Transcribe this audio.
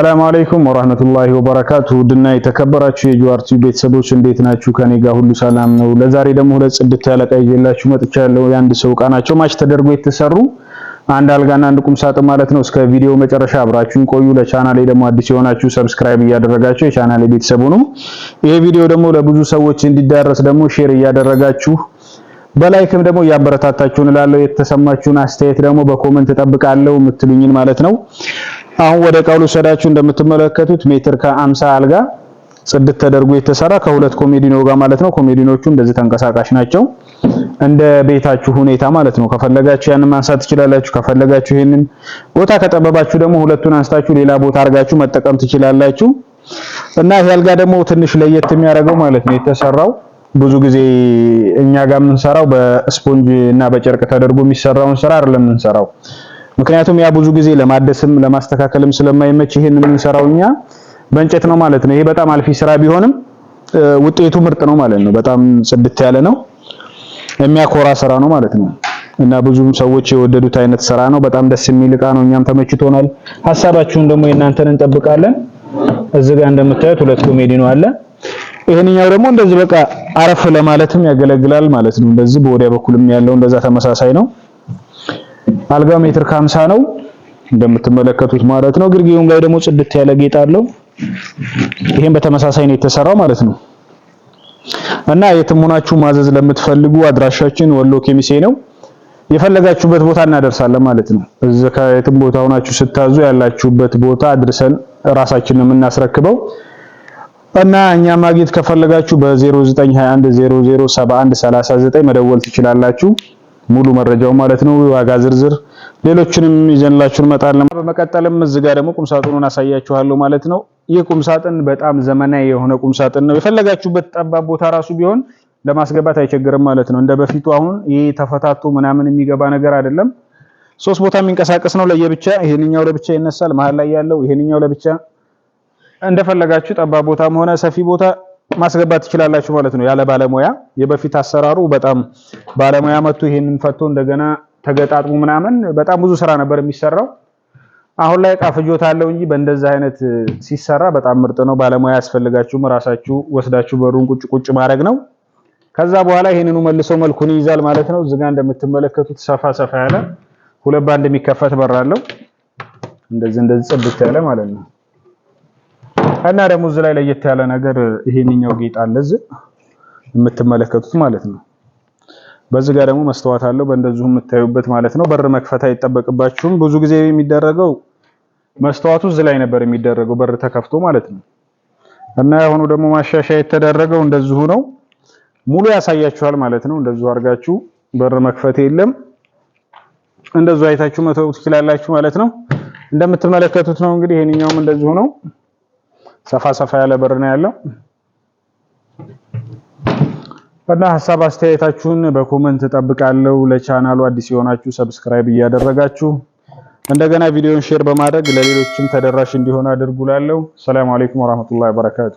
ሰላም አለይኩም ወራህመቱላሂ ወበረካቱ ድና የተከበራችሁ የጁዋር ቤተሰቦች እንዴት ናችሁ? ከኔ ጋር ሁሉ ሰላም ነው። ለዛሬ ደግሞ ሁለት ጽድት ያለ ዕቃ ይዤላችሁ መጥቻለሁ። የአንድ ሰው እቃ ናቸው ማች ተደርጎ የተሰሩ አንድ አልጋና አንድ ቁም ሳጥን ማለት ነው። እስከ ቪዲዮ መጨረሻ አብራችሁን ቆዩ። ለቻናሌ ደግሞ አዲስ የሆናችሁ ሰብስክራይብ እያደረጋችሁ የቻናሌ ቤተሰቡ ነው። ይሄ ቪዲዮ ደግሞ ለብዙ ሰዎች እንዲዳረስ ደግሞ ሼር እያደረጋችሁ በላይክም ደግሞ እያበረታታችሁን እላለሁ። የተሰማችሁን አስተያየት ደግሞ በኮመንት እጠብቃለሁ የምትሉኝን ማለት ነው። አሁን ወደ ቃሉ ሰዳችሁ እንደምትመለከቱት ሜትር ከአምሳ አልጋ ጽድት ተደርጎ የተሰራ ከሁለት ኮሜዲኖ ጋር ማለት ነው። ኮሜዲኖቹ እንደዚህ ተንቀሳቃሽ ናቸው፣ እንደ ቤታችሁ ሁኔታ ማለት ነው። ከፈለጋችሁ ያንን ማንሳት ትችላላችሁ። ከፈለጋችሁ ይሄንን ቦታ ከጠበባችሁ ደግሞ ሁለቱን አንስታችሁ ሌላ ቦታ አድርጋችሁ መጠቀም ትችላላችሁ። እና ይሄ አልጋ ደግሞ ትንሽ ለየት የሚያደርገው ማለት ነው የተሰራው ብዙ ጊዜ እኛ ጋር የምንሰራው በስፖንጅ እና በጨርቅ ተደርጎ የሚሰራውን ስራ አይደለም የምንሰራው። ምክንያቱም ያ ብዙ ጊዜ ለማደስም ለማስተካከልም ስለማይመች ይሄን የምንሰራው እኛ በእንጨት ነው ማለት ነው። ይሄ በጣም አልፊ ስራ ቢሆንም ውጤቱ ምርጥ ነው ማለት ነው። በጣም ጽድት ያለ ነው፣ የሚያኮራ ስራ ነው ማለት ነው። እና ብዙም ሰዎች የወደዱት አይነት ስራ ነው። በጣም ደስ የሚል እቃ ነው። እኛም ተመችቶናል። ሀሳባችሁን ደግሞ የእናንተን እንጠብቃለን። እዚህ ጋር እንደምታዩት ሁለት ኮሜዲ ነው አለ። ይሄንኛው ደግሞ እንደዚህ በቃ አረፍ ለማለትም ያገለግላል ማለት ነው። እንደዚህ በወዲያ በኩልም ያለው እንደዛ ተመሳሳይ ነው። አልጋ ሜትር ከሀምሳ ነው እንደምትመለከቱት ማለት ነው። ግርጌውም ላይ ደግሞ ጽድት ያለ ጌጥ አለው። ይሄን በተመሳሳይ ነው የተሰራው ማለት ነው። እና የትም ሆናችሁ ማዘዝ ለምትፈልጉ አድራሻችን ወሎ ኬሚሴ ነው። የፈለጋችሁበት ቦታ እናደርሳለን ማለት ነው። እዚህ ከየትም ቦታ ሆናችሁ ስታዙ ያላችሁበት ቦታ አድርሰን ራሳችንን የምናስረክበው እና እኛ ማግኘት ከፈለጋችሁ በ 0921007139 መደወል ትችላላችሁ። ሙሉ መረጃው ማለት ነው። ዋጋ ዝርዝር፣ ሌሎችንም ይዘንላችሁ እንመጣለን። በመቀጠልም እዚህ ጋር ደግሞ ቁምሳጥኑን አሳያችኋለሁ ማለት ነው። ይህ ቁምሳጥን በጣም ዘመናዊ የሆነ ቁምሳጥን ነው። የፈለጋችሁበት ጠባብ ቦታ ራሱ ቢሆን ለማስገባት አይቸግርም ማለት ነው። እንደ በፊቱ አሁን ይህ ተፈታቶ ምናምን የሚገባ ነገር አይደለም። ሶስት ቦታ የሚንቀሳቀስ ነው ለየብቻ። ይሄንኛው ለብቻ ይነሳል፣ መሀል ላይ ያለው ይሄንኛው ለብቻ። እንደፈለጋችሁ ጠባብ ቦታም ሆነ ሰፊ ቦታ ማስገባት ትችላላችሁ ማለት ነው። ያለ ባለሙያ የበፊት አሰራሩ በጣም ባለሙያ መጥቶ ይሄንን ፈቶ እንደገና ተገጣጥሙ ምናምን በጣም ብዙ ስራ ነበር የሚሰራው። አሁን ላይ እቃ ፍጆታ አለው እንጂ በእንደዛ አይነት ሲሰራ በጣም ምርጥ ነው። ባለሙያ አያስፈልጋችሁም። ራሳችሁ ወስዳችሁ በሩን ቁጭ ቁጭ ማድረግ ነው። ከዛ በኋላ ይሄንኑ መልሶ መልኩን ይይዛል ማለት ነው። እዚህ ጋር እንደምትመለከቱት ሰፋ ሰፋ ያለ ሁለት ባንድ የሚከፈት በር አለው። እንደዚህ እንደዚህ ጽብት ያለ ማለት ነው። እና ደግሞ እዚህ ላይ ለየት ያለ ነገር ይሄንኛው ጌጥ አለ እዚህ የምትመለከቱት ማለት ነው። በዚህ ጋር ደግሞ መስተዋት አለው በእንደዚሁ የምታዩበት ማለት ነው። በር መክፈት አይጠበቅባችሁም። ብዙ ጊዜ የሚደረገው መስተዋቱ እዚህ ላይ ነበር የሚደረገው በር ተከፍቶ ማለት ነው። እና ያሁኑ ደግሞ ማሻሻያ የተደረገው እንደዚሁ ነው። ሙሉ ያሳያችኋል ማለት ነው። እንደዚሁ አድርጋችሁ በር መክፈት የለም እንደዚሁ አይታችሁ መተው ትችላላችሁ ማለት ነው። እንደምትመለከቱት ነው እንግዲህ ይሄንኛውም እንደዚሁ ነው። ሰፋ ሰፋ ያለ በር ነው ያለው እና ሀሳብ አስተያየታችሁን በኮመንት እጠብቃለሁ። ለቻናሉ አዲስ የሆናችሁ ሰብስክራይብ እያደረጋችሁ እንደገና ቪዲዮን ሼር በማድረግ ለሌሎችም ተደራሽ እንዲሆን አድርጉላለሁ። ሰላም አለይኩም ወራህመቱላሂ ወበረካቱ።